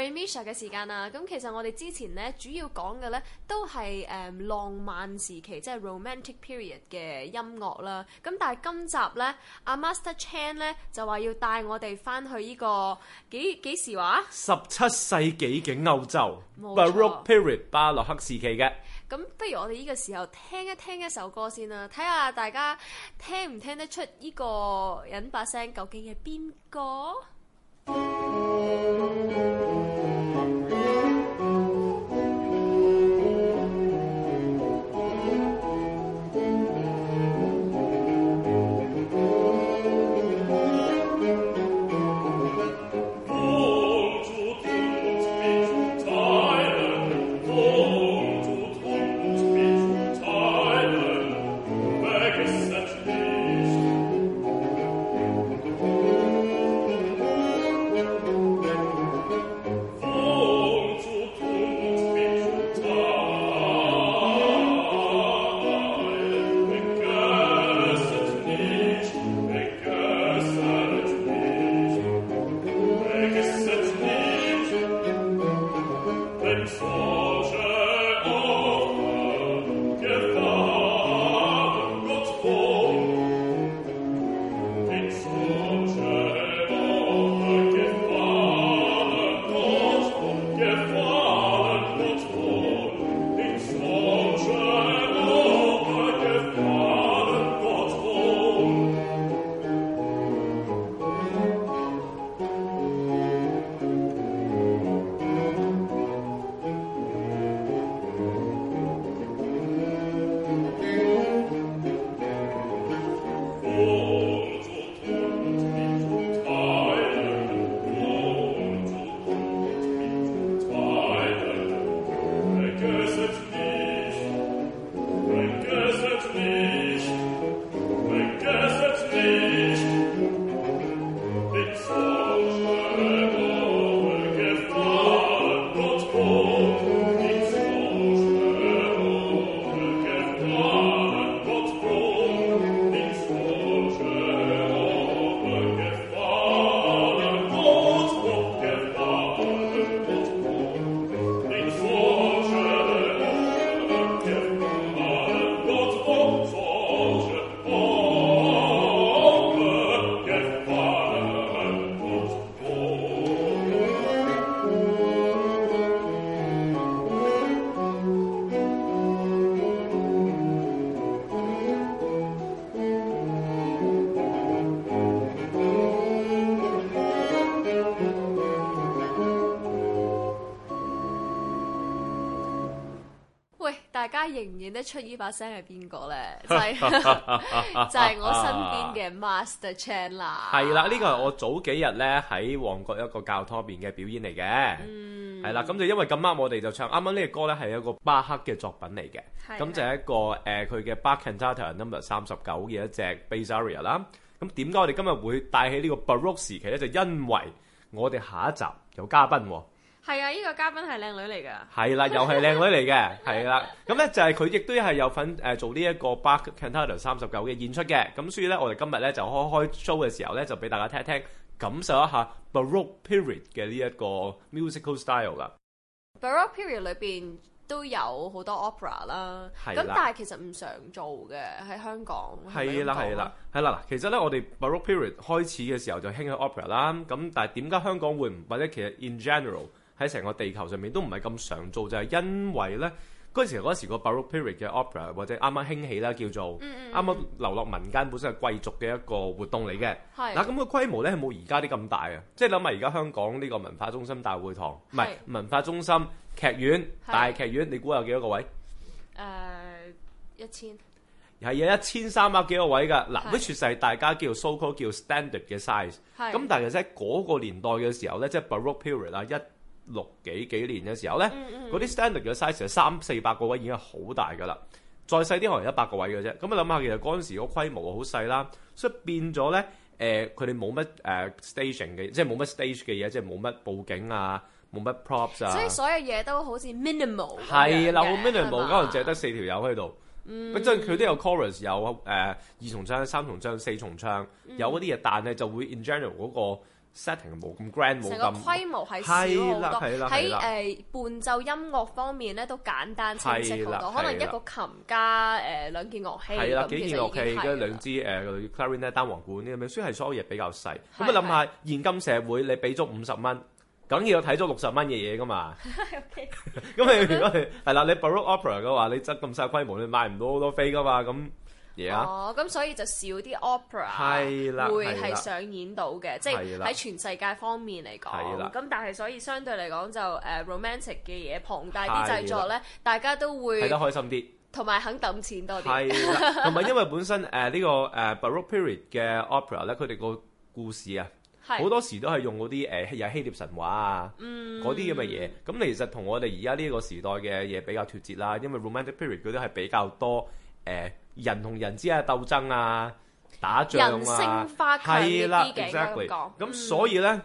Renaissance 嘅時間啦，咁其實我哋之前咧主要講嘅咧都係誒浪漫時期，即係 Romantic Period 嘅音樂啦。咁但係今集咧，阿 Master Chan 咧就話要帶我哋返去呢個幾幾時話？十七世紀嘅歐洲，Baroque Period 巴洛克時期嘅。咁不如我哋呢個時候聽一聽一首歌先啦，睇下大家聽唔聽得出呢個人把聲究竟係邊個？得出呢把聲係邊個咧？就係、是、 我身邊嘅 Master Chandler 啦。係啦，呢個係我早幾日咧喺旺角一個教堂入面嘅表演嚟嘅。係、嗯、啦，咁就因為咁啱，我哋就唱啱啱呢個歌咧係一個巴克嘅作品嚟嘅。咁就係一個誒佢、呃、嘅 Bach Cantata Number、no. 三十九嘅一隻 Bass Aria 啦。咁點解我哋今日會帶起呢個 Baroque 時期咧？就因為我哋下一集有嘉賓喎、哦。係啊，呢、這個嘉賓係靚女嚟㗎。係啦，又係靚女嚟嘅，係 啦。咁咧就係佢亦都係有份做呢一個《Bach Cantata 三十九》嘅演出嘅。咁所以咧，我哋今日咧就開開 show 嘅時候咧，就俾大家聽聽，感受一下 Baroque Period 嘅呢一個 musical style 噶。Baroque Period 裏邊都有好多 opera 啦，咁但係其實唔常做嘅喺香港，係啦，係啦，係啦。其實咧，我哋 Baroque Period 開始嘅時候就興起 opera 啦。咁但係點解香港會或者其實 in general 喺成個地球上面都唔係咁常做，就係因為咧嗰陣時嗰時嗰個 Baroque Period 嘅 Opera 或者啱啱興起啦，叫做啱啱、嗯嗯嗯、流落民間，本身係貴族嘅一個活動嚟嘅。係嗱，咁、啊嗰個規模咧係冇而家啲咁大啊！即係諗埋而家香港呢個文化中心大會堂，唔係文化中心劇院大劇院，你估有幾多，uh, 多個位？誒一千，係有一千三百幾個位㗎。嗱，which 係大家叫 so called 叫 standard 嘅 size。咁，但係其實喺嗰個年代嘅時候咧，即、就、係、是、Baroque Period 啊一。六幾幾年嘅時候咧，嗰啲 standard 嘅 size 其實三四百個位已經好大噶啦，再細啲可能一百個位嘅啫。咁你諗下其實嗰陣時個規模好細啦，所以變咗咧，誒、呃、佢哋冇乜誒、呃、station 嘅，即係冇乜 stage 嘅嘢，即係冇乜佈景啊，冇乜 props 啊。所以所有嘢都好似 minimal。係，係好 minimal 可能淨係得四條友喺度，即係佢都有 chorus，有誒、呃、二重唱、三重唱、四重唱、嗯，有嗰啲嘢，但係就會 in general 嗰、嗰個 setting 冇咁 grand，冇咁規模係小好多。喺誒伴奏音樂方面咧都簡單清晰好多，可能一個琴加誒兩件樂器。係啦，幾件樂器跟兩支誒 clarinet、單簧管啲咁，雖然係所有嘢比較細。咁你諗下，現今社會你俾足五十蚊，梗要睇足六十蚊嘅嘢㗎嘛？OK。咁你如果係係啦，你 baroque opera 嘅話，你執咁細規模，你買唔到好多飛㗎嘛？咁。哦，咁所以就少啲 opera，係啦會係上演到嘅，即係喺全世界方面嚟講。咁但係所以相對嚟講就誒、uh, romantic 嘅嘢，龐大啲製作咧，大家都會睇得開心啲，同埋肯抌錢多啲。同埋 因為本身誒呢、uh 這個誒、uh, Baroque period 嘅 opera 咧，佢哋個故事啊，好多時都係用嗰啲誒又希臘神話啊，嗰啲咁嘅嘢。咁其實同我哋而家呢個時代嘅嘢比較脫節啦，因為 romantic period 佢都係比較多誒。Uh, 人同人之間嘅鬥爭啊，打仗啊，人性化係啦嘅。咁所以咧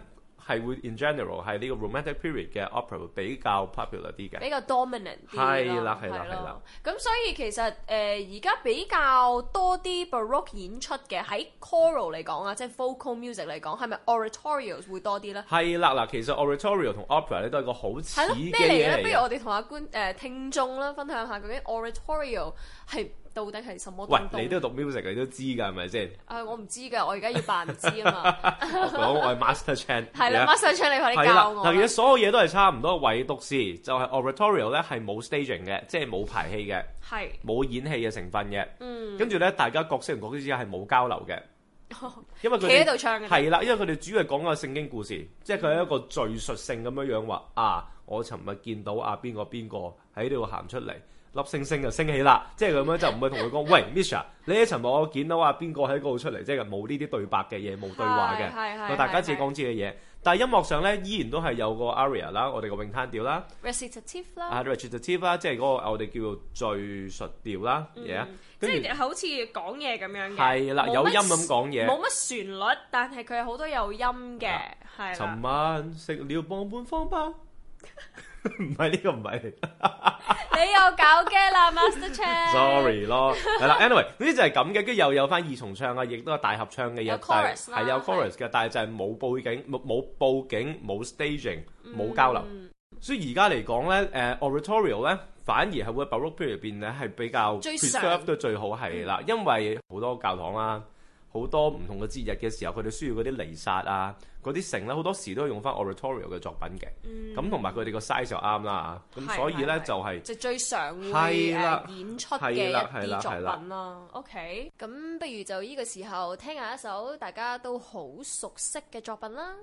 係會 in general 係呢個 romantic period 嘅 opera 會比較 popular 啲嘅，比較 dominant 啲。係啦係啦係啦，咁所以其實誒而家比較多啲 baroque 演出嘅，喺 choral 嚟講啊，即係 vocal music 嚟講，係咪 oratorio 會多啲咧？係啦，嗱，其實 oratorio 同 opera 咧，都係個好似係咯，咩嚟咧？不如我哋同阿觀誒、呃、聽眾啦分享下究竟 oratorio 係到底係什麼？喂，你都讀 music，你都知噶係咪先？啊，我唔知噶，我而家要扮唔知啊嘛。我講我係 master chan。係啦，master chan，你快啲教我。嗱，其實所有嘢都係差唔多，唯獨是就係 oratorio 咧係冇 staging 嘅，即係冇排戲嘅，係冇演戲嘅成分嘅。嗯，跟住咧，大家角色同角色之間係冇交流嘅，因為佢企喺度唱嘅。係啦，因為佢哋主要係講一個聖經故事，即係佢係一個敘述性咁樣樣話啊，我尋日見到啊邊個邊個喺呢度行出嚟。粒星星就升起啦，即係咁樣就唔會同佢講， 喂，Misha，你一尋日我見到啊，邊個喺度出嚟？即係冇呢啲對白嘅嘢，冇對話嘅，個大家自己講自己嘅嘢。但係音樂上咧，依然都係有個 aria 啦，我哋個詠嘆調啦，recitative 啦、啊，recitative 即係嗰個我哋叫做敍述調啦，嘢、嗯、啊、yeah, 嗯，即係好似講嘢咁樣嘅，係啦，有音咁講嘢，冇乜旋律，但係佢係好多有音嘅，係啦。尋晚食了傍半方包。 唔係呢個唔係，你又搞驚啦，Master Chan？Sorry 咯，係啦，Anyway，總之就係咁嘅，跟住又有翻二重唱啊，亦都有大合唱嘅嘢，係有 chorus 嘅，但係就係冇背景，冇冇背景，冇 staging，冇交流。所以而家嚟講咧，誒，Oratorio 咧，反而係會喺 Baroque period 入邊咧係比較 preserve 到最好係啦，因為好多教堂啦。好多唔同嘅節日嘅時候，佢哋需要嗰啲彌撒啊，嗰啲城咧，好多時都用翻 Oratorio 嘅作品嘅。咁同埋佢哋個 size 就啱啦，咁所以咧就係、是、就最常會演出嘅一啲作品啦。OK，咁不如就依個時候聽下一首大家都好熟悉嘅作品啦。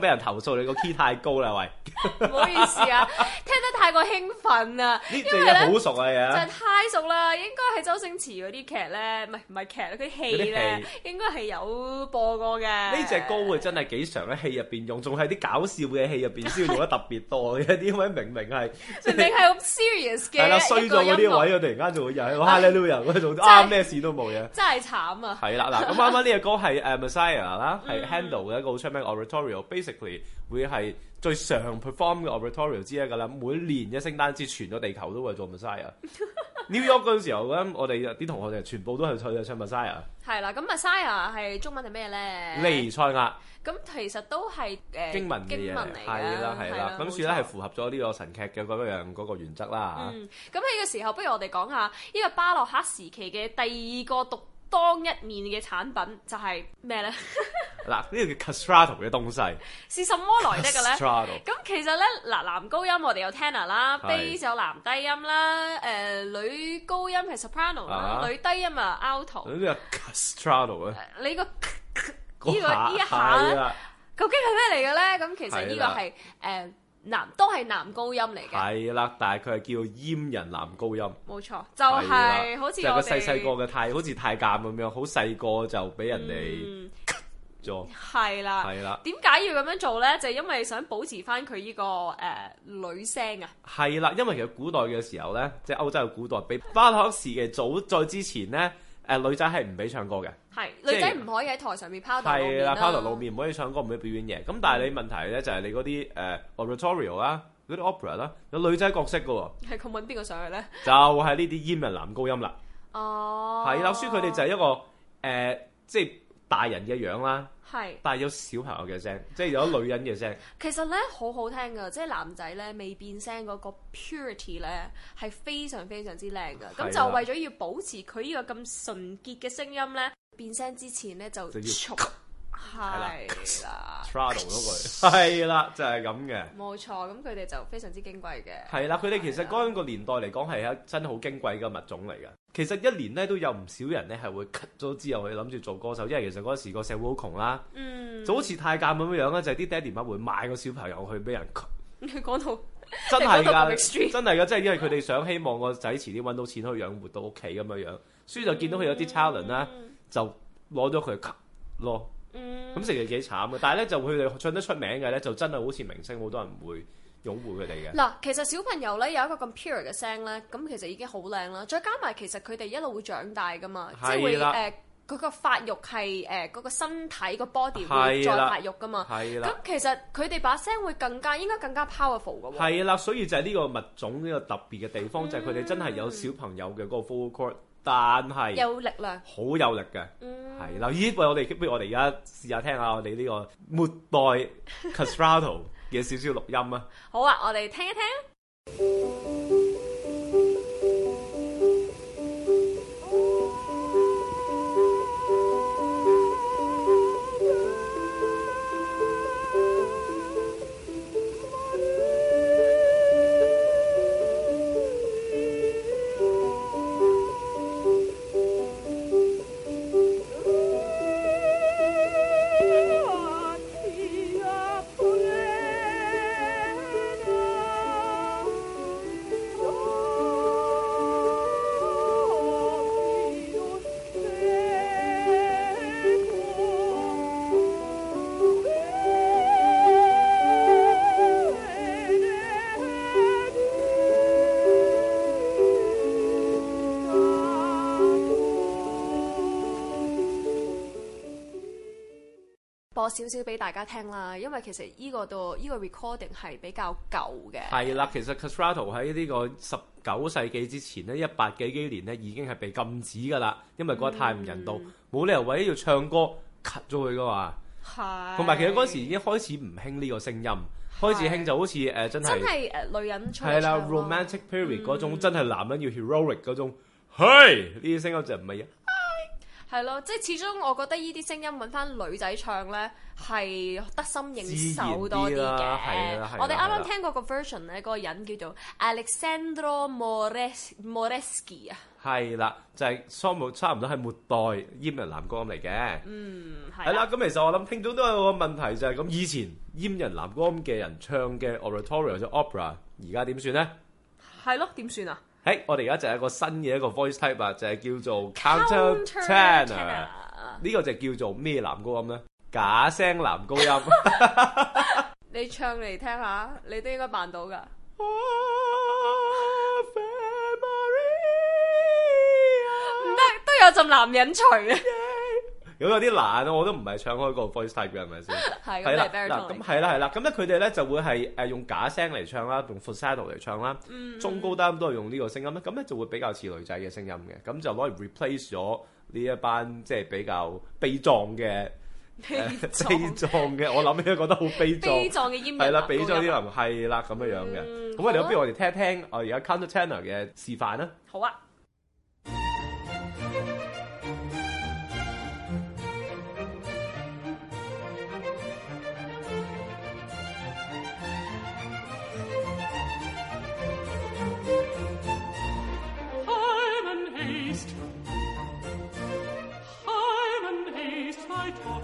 俾人投訴你個 key 太高啦，喂！唔好意思啊。我興奮啊！好熟啊。為咧就是、太熟啦，應該係周星馳嗰啲劇咧，唔係唔係劇啦，佢戲咧應該係有播過嘅。呢隻歌會真係幾常喺戲入邊用，仲係啲搞笑嘅戲入邊先用得特別多嘅。啲 位明明係、就是、明明係咁 serious 嘅，係啦，衰咗嗰啲位，我突然間就又去 handle 咧，又嗰種啊咩事都冇嘅，真係慘啊！係啦嗱，咁啱啱呢隻歌係誒 Messiah 啦， 係 Handel 嘅一個好出名 Oratorio，basically。嗯 Oratorio, 會係最常 perform 嘅或 atorial 之一㗎啦，每年嘅聖誕節傳咗地球都為做 masia。 New York 嗰陣時候咧，我哋啲同學就全部都係唱唱 masia。係啦，咁 masia 係中文係咩咧？尼塞亞。咁其實都係誒、呃、經文嘅嘢嚟啦，係啦，咁算係符合咗呢個神劇嘅嗰樣嗰個原則啦。嗯，咁喺呢個時候，不如我哋講下呢個巴洛克時期嘅第二個獨當一面嘅產品就係咩咧？ 嗱，呢個叫 castrato 嘅東西是什麼來的㗎咧？咁其實咧，嗱、呃，男高音我哋有 tenor 啦，bass 就有男低音啦，誒，女高音係 soprano 啦，女低音啊 alto，點解叫 castrato 咧？你個呢個呢一下，究竟係咩嚟嘅咧？咁其實呢個係誒男都係男高音嚟嘅，係啦，但係佢係叫閹人男高音，冇錯，就係好似個細細個嘅太，好似、就是、太監咁樣，好細個就俾人哋。嗯做係啦，係啦。點解要咁樣做咧？就係、是、因為想保持翻佢呢個誒、呃、女聲啊。係啦，因為其實古代嘅時候咧，即係歐洲嘅古代，比巴洛克時期早在之前咧，誒、呃、女仔係唔俾唱歌嘅。係、就是、女仔唔可以喺台上面拋頭露面啦。拋頭露面唔可以唱歌，唔可以表演嘢。咁但係你問題咧，就係、是、你嗰啲誒 oratorio 啦，嗰、呃、啲、啊、opera 啦、啊，有女仔角色噶。係佢揾邊個上去咧？就係呢啲閹人男高音啦。哦、呃，係啦，所以佢哋就係一個誒即係。呃就是大人嘅樣啦，係帶咗小朋友嘅聲，即係有女人嘅聲。其實呢，好好聽㗎，即係男仔呢，未變聲嗰個 purity 呢，係非常非常之靚㗎。咁就為咗要保持佢呢個咁純潔嘅聲音呢，變聲之前呢就，就要。係啦，係啦， 就係咁嘅。冇錯，咁佢哋就非常之矜貴嘅。係啦，佢哋其實嗰個年代嚟講係一真好矜貴嘅物種嚟噶。其實一年咧都有唔少人咧係會 cut 咗之後去諗住做歌手，因為其實嗰時個社會好窮啦。嗯，就好似太監咁樣樣啦，就係啲爹地媽會賣個小朋友去俾人 cut。你講到真係噶，真係噶，真係因為佢哋想希望個仔遲啲搵到錢可以養活到屋企咁樣樣，所以就見到佢有啲 challenge 啦，就攞咗佢 cut 咯。咁成日幾慘嘅，但係咧就佢哋唱得出名嘅咧，就真係好似明星，好多人唔會擁護佢哋嘅。嗱，其實小朋友咧有一個咁 pure 嘅聲咧，咁其實已經好靚啦。再加埋其實佢哋一路會長大噶嘛，即係會佢個、呃、發育係、呃、嗰個身體個 body 會再發育噶嘛。係啦。咁其實佢哋把聲會更加應該更加 powerful 㗎嘛。係啦，所以就係呢個物種呢、呢個特別嘅地方，嗯、就係佢哋真係有小朋友嘅嗰個 full chord 但係有力量，好有力嘅，係留意呢位我哋。不如我哋而家試下聽下我哋呢個末代 Castrato 嘅 少少錄音啊！好啊，我哋聽一聽。嗯少少俾大家聽啦，因為其實依、這個都，依、這個 recording 係比較舊嘅。係啦，其實 Castrato 喺呢個十九世紀之前咧，一八幾幾年咧已經係被禁止㗎啦，因為嗰個太唔人道，冇、嗯、理由為咗要唱歌 cut 咗佢㗎嘛。同埋其實嗰陣時已經開始唔興呢個聲音，開始興就好似真係。真係、呃、女人出唱、啊。係啦，Romantic Period 嗰、嗯、種真係男人要 Heroic 嗰種、嗯、種，嘿呢啲聲音就唔係啊。係咯，即係始終我覺得呢啲聲音揾翻女仔唱咧係得心應手多啲嘅、啊。我哋啱啱聽過個 version 咧，嗰、那個人叫做 Alexandro More Moresky 啊。係啦，就係、是、差差唔多係末代閹人男高音嚟嘅。嗯，係。係啦，咁其實我諗聽眾都有個問題就係咁，以前閹人男高音嘅人唱嘅 Oratorio 或者 Opera，而家點算咧？係咯，點算啊？誒，我哋而家就係一個新嘅一個 voice type 啊，就係叫做 countertenor 啊，呢個就叫做咩男高音咧，假聲男高音。你唱嚟聽下，你都應該扮到噶。都都有陣男人才嘅。如果有啲難，我都唔係唱開個 voice type 嘅，係咪先？係 啦，嗱，咁係啦，係啦，咁咧佢哋咧就會係誒用假聲嚟唱啦，用 falsetto 嚟唱啦、嗯嗯，中高音都係用呢個聲音啦。咁咧就會比較似女仔嘅聲音嘅，咁就攞嚟 replace 咗呢一班即係、就是、比較悲壯嘅悲壯嘅，我諗咧覺得好悲壯嘅音。係、呃、啦，悲壯啲 人係啦咁樣樣嘅，咁、嗯、我哋不如我哋聽一聽我而家 counter tenor 嘅示範啦。好啊！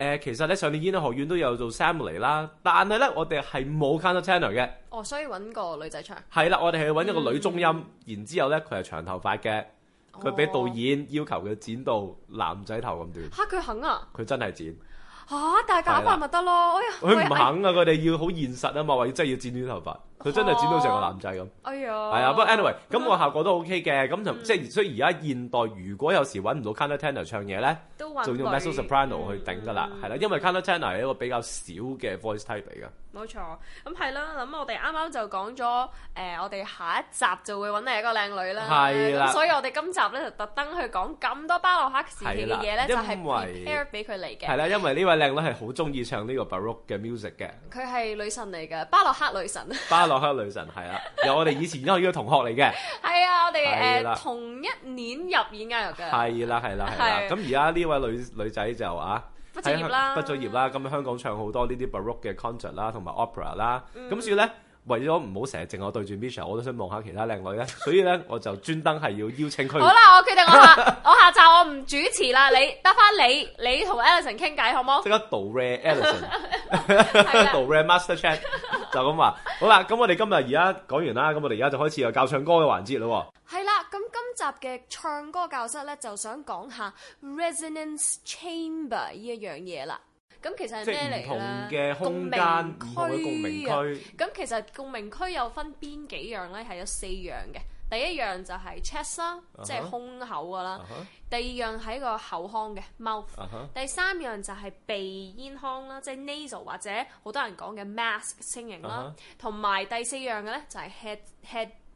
呃、其實咧上年演藝學院都有做 Family 啦，但係咧我哋係冇 countertenor 嘅。哦，所以搵個女仔唱。係啦，我哋係搵一個女中音，嗯、然之後咧佢係長頭髮嘅，佢俾導演要求佢剪到男仔頭咁短。吓、哦，佢肯啊？佢真係剪。吓、哦，戴假髮咪得咯！哎呀，佢唔肯啊！佢、哎、哋要好現實啊嘛，話要真係要剪短頭髮，佢、哎、真係剪到成個男仔咁。哎呀，係啊，不過 anyway，咁、哎、個效果都 OK 嘅。咁就、嗯、即係所以而家現代，如果有時揾唔到 countertenor 唱嘢咧，就用 mezzo soprano 去頂㗎啦。係、嗯、啦，因為 countertenor 係一個比較少嘅 voice type 嚟嘅。冇錯，咁係啦。咁我哋啱啱就講咗誒，我哋下一集就會揾你一個靚女啦。係啦，所以我哋今集咧就特登去講咁多巴洛克時期嘅嘢咧，就係俾佢嚟嘅。係啦，因為呢、就是、位。靚女係好中意唱呢個巴洛克嘅 music 嘅，佢係女神嚟嘅，巴洛克女神。巴洛克女神係啦，由我哋以前一個同學嚟嘅，係啊，我哋誒同一年入演藝學嘅，係啦係啦係啦。咁而家呢位女女仔就啊，畢咗業啦，畢咗業啦。咁喺香港唱好多呢啲巴洛克嘅 concert 啦，同埋 opera 啦。咁所以咧。為咗唔好成日淨我對住 Michelle 我都想望下其他靚女咧，所以咧我就專登係要邀請佢。好啦，我決定我下 我下集我唔主持啦，你得翻你，你同 Ellison 傾偈好冇？即刻導 Rare Ellison 對啦笑導 Rare Master Chat 就咁話。好啦，咁我哋今日而家講完啦，咁我哋而家就開始有教唱歌嘅環節咯。係啦，咁今集嘅唱歌教室咧，就想講下 Resonance Chamber 呢一樣嘢啦。咁其實係咩嚟嘅？共鳴區。咁其實共鳴區有分邊幾樣咧？係有四樣嘅。第一樣就係 chest 啦、uh -huh.，即係胸口㗎啦。Uh -huh. 第二樣係一個口腔嘅 mouth。Uh -huh. 第三樣就係鼻咽腔啦，即、就、係、是、nasal 或者好多人講嘅 mask 聲形啦。同、uh、埋 -huh. 第四樣嘅咧就係 head、uh -huh. head。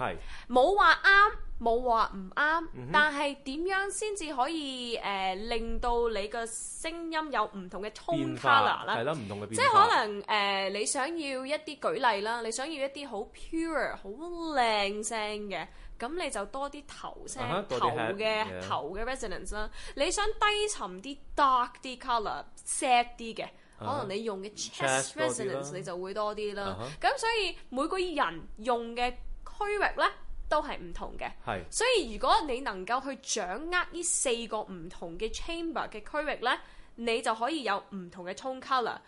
係冇話啱，冇話唔啱，但係點樣先至可以誒令到你個聲音有唔同嘅 tone colour 咧？係咯，唔同嘅變化。即係可能誒，你想要一啲舉例啦，你想要一啲好 pure、好靚聲嘅，咁你就多啲頭聲頭嘅頭嘅 resonance 啦。你想低沉啲、dark 啲 colour、sad 啲嘅，可能你用嘅 chest resonance 你就會多啲啦。咁所以每個人用嘅區域咧都係唔同嘅，所以如果你能夠去掌握呢四個唔同嘅 chamber 嘅區域咧，你就可以有唔同嘅 tone color。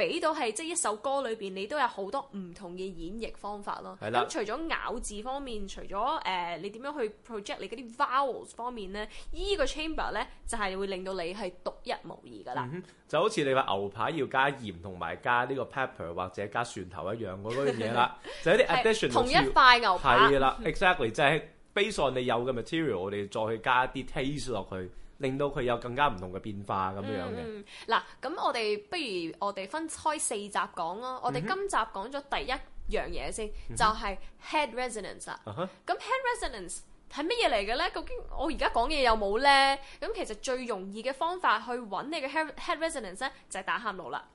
俾到係即係一首歌裏面，你都有好多唔同嘅演繹方法咯。咁除咗咬字方面，除咗誒、呃、你點樣去 project 你嗰啲 vowels 方面咧，依、這個 chamber 咧就係、是、會令到你係獨一無二噶啦、嗯。就好似你話牛排要加鹽同埋加呢個 p e p p e r 或者加蒜頭一樣嗰樣嘢啦， 就係啲 a d d i t i o n 同一塊牛排。係啦 ，exactly 即係 b a s 有嘅 material，我哋再去加啲 t a s t e 落去。令到佢有更加唔同嘅變化咁樣嘅。嗱，咁我哋不如我哋分開四集講咯。我哋今集講咗第一樣嘢先、嗯，就係、是、head resonance 啦。咁、uh -huh、head resonance 係乜嘢嚟嘅咧？究竟我而家講嘢有冇咧？咁其實最容易嘅方法去揾你嘅 head resonance 咧，就係打喊路啦。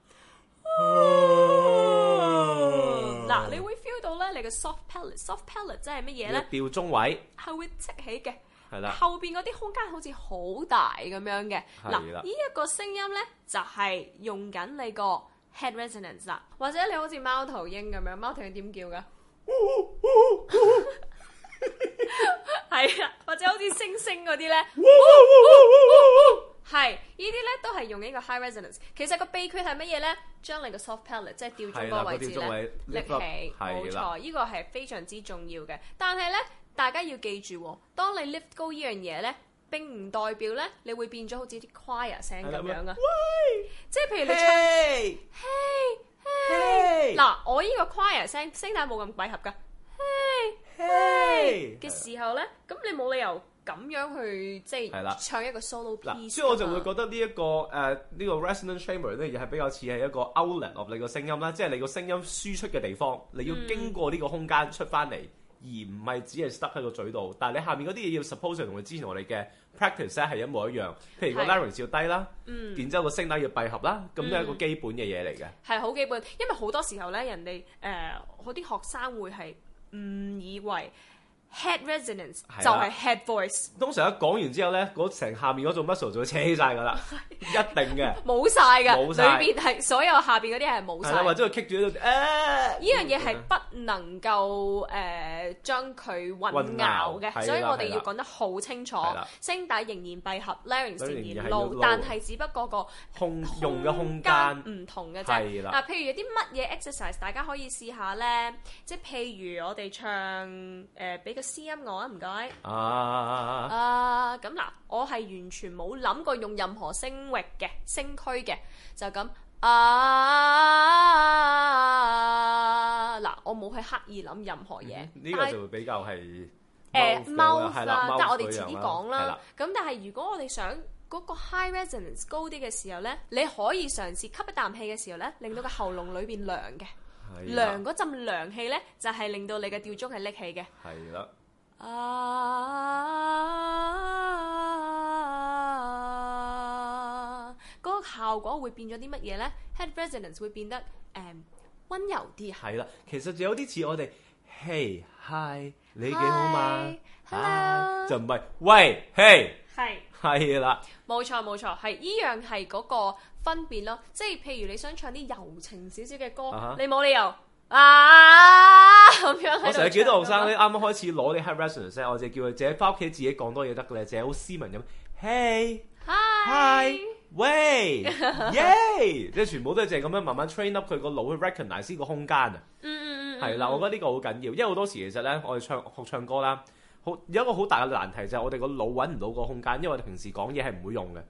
嗱，你、啊、會 feel 到咧，你嘅 soft palate soft palate 即係乜嘢咧？吊鐘位係會即起嘅。後邊嗰啲空間好似好大咁樣嘅，嗱，呢一、這個聲音咧就係、是、用緊你個 head resonance 啦，或者你好似貓頭鷹咁樣，貓頭鷹點叫噶？係 啊， 或者好似星星嗰啲咧，係呢啲咧都係用呢個 high resonance。其實個秘訣係乜嘢咧？將你個 soft palate 即係調轉個位置咧，拎起冇錯，呢、這個係非常之重要嘅。但係咧。大家要記住，當你 lift 高依樣嘢咧，並唔代表咧你會變咗好似啲 choir 聲咁樣啊！喂，即係譬如你唱，嗱，我依個 choir 聲聲帶冇咁閉合噶，嘅時候咧，咁你冇理由咁樣去即係唱一個 solo。嗱，所以我就會覺得呢一個誒呢個 resonant chamber 咧，又係比較似係一個 outlet of 你個聲音啦，即係你個聲音輸出嘅地方，你要經過呢個空間出翻嚟。而唔係只係 stuck 喺個嘴度，但係你下面嗰啲嘢要 suppose 同佢之前我哋嘅 practice 咧係一模一樣，譬如個 larynx 要低啦，然之後個聲帶要閉合啦，咁、嗯、都係一個基本嘅嘢嚟嘅，係好基本。因為好多時候咧，人哋誒嗰啲學生會係誤以為。Head resonance 就係 head voice。通常一講完之後咧，嗰成下面嗰組 muscle 就會扯起曬噶啦，一定嘅。冇曬嘅。冇曬。裏邊係所有下邊嗰啲係冇曬。或者佢棘住喺度。誒。呢樣嘢係不能夠誒將佢混淆嘅，所以我哋要講得好清楚。聲帶仍然閉合，larynx 仍然露，但係只不過個空用嘅空間唔同嘅啫。嗱，譬如有啲乜嘢 exercise 大家可以試下咧，即係譬如我哋唱誒俾個。C 音我啊，唔該。啊啊啊！咁嗱，我係完全冇諗過用任何聲域嘅聲區嘅，就咁啊啊啊啊！嗱，我冇去刻意諗任何嘢。呢個就會比較係。誒，mouth 啦，但係我哋遲啲講啦。咁但係如果我哋想嗰個 high resonance 高啲嘅時候咧，你可以嘗試吸一啖氣嘅時候咧，令到個喉嚨裏邊涼嘅。涼嗰陣涼氣咧，就係、是、令到你嘅吊鐘係拎起嘅。係啦、啊。 啊，嗰、 那個效果會變咗啲乜嘢咧？Head resonance 會變得誒溫柔啲。係啦，其實就有啲似我哋，Hey Hi，你幾好嘛？Hi，e 就唔係喂，Hey，係係啦，冇錯冇錯，係、這、依、個、樣係嗰、那個。分別咯，即係譬如你想唱啲柔情少少嘅歌，啊、你冇理由啊咁、啊、樣。我成日幾多學生咧，啱啱開始攞啲 high resonance 我哋叫佢淨係翻屋企自己講多嘢得嘅咧，淨係好斯文咁。Hey，Hi，Way，Yay！ yeah, 即係全部都係淨係咁樣慢慢 train up 佢個腦去 recognize 個空間啊。嗯嗯嗯。係啦，我覺得呢個好緊要，因為好多時其實咧，我哋唱學唱歌啦，好有一個好大嘅難題就係我哋個腦揾唔到個空間，因為我哋平時講嘢係唔會用嘅。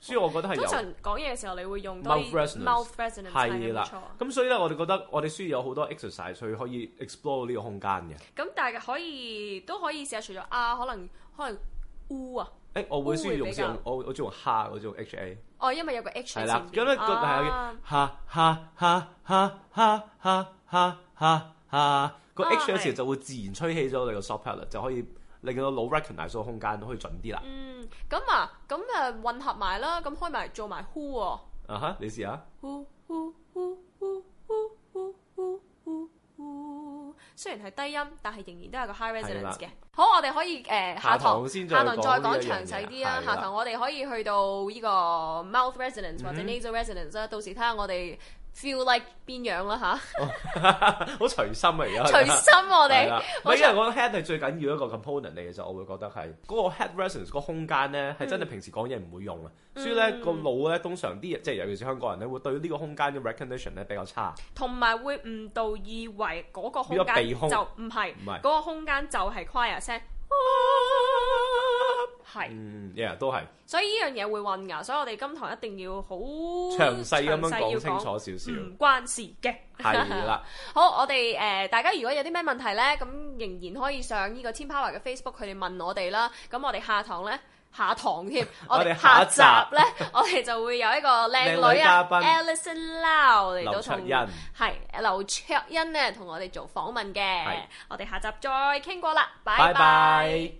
所以我覺得係有通常講嘢嘅時候，你會用 mouth resonance，係啦。咁、嗯、所以咧，我哋覺得我哋需要有好多 exercise，去可以 explore 呢個空間嘅。咁但係可以都可以試下，除咗啊，可能可能嗚啊、呃欸。我會需要用先、呃，我我中意用 h 我嗰種 ha。哦，因為有個 h。a 啦。咁樣個係 ha ha ha ha ha ha ha ha。個 h 有時就會自然吹起咗你個 soft palate，啊、就可以。你見到老 recognize 所空間都可以準啲啦。嗯，咁啊，咁誒混合埋啦，咁開埋做埋 who 啊嚇？Uh -huh, 你試下。雖然係低音，但係仍然都有個 high resonance 嘅。好，我哋可以誒、呃、下堂下堂再講，再講詳細啲啊。下堂我哋可以去到呢個 mouth resonance、嗯、或者 nasal resonance 啦、啊，到時睇下我哋。feel like 邊樣啦吓、啊？好、 oh, 隨， 隨心啊而家，隨心我哋，我係因為我 head 係最緊要一個 component 嚟嘅啫，我會覺得係嗰個 head resonance 個空間咧係、嗯、真係平時講嘢唔會用啊、嗯，所以咧個腦咧通常啲即係尤其是香港人咧會對呢個空間嘅 recognition 咧比較差，同埋會誤導以為嗰個空間就唔係嗰個空間就係 quiet 係，嗯，yeah，都係。所以呢樣嘢會混淆，所以我哋今堂一定要好詳細咁樣講清楚少少。唔關事嘅，係啦。好，我哋誒、呃、大家如果有啲咩問題咧，咁仍然可以上呢個 T Power 嘅 Facebook，佢哋問我哋啦。咁我哋下堂咧，下堂添，我哋下集咧，我哋就會有一個靚女啊 ，Alison Lau 嚟到同，係劉卓欣咧同我哋做訪問嘅。我哋下集再傾過啦，拜拜。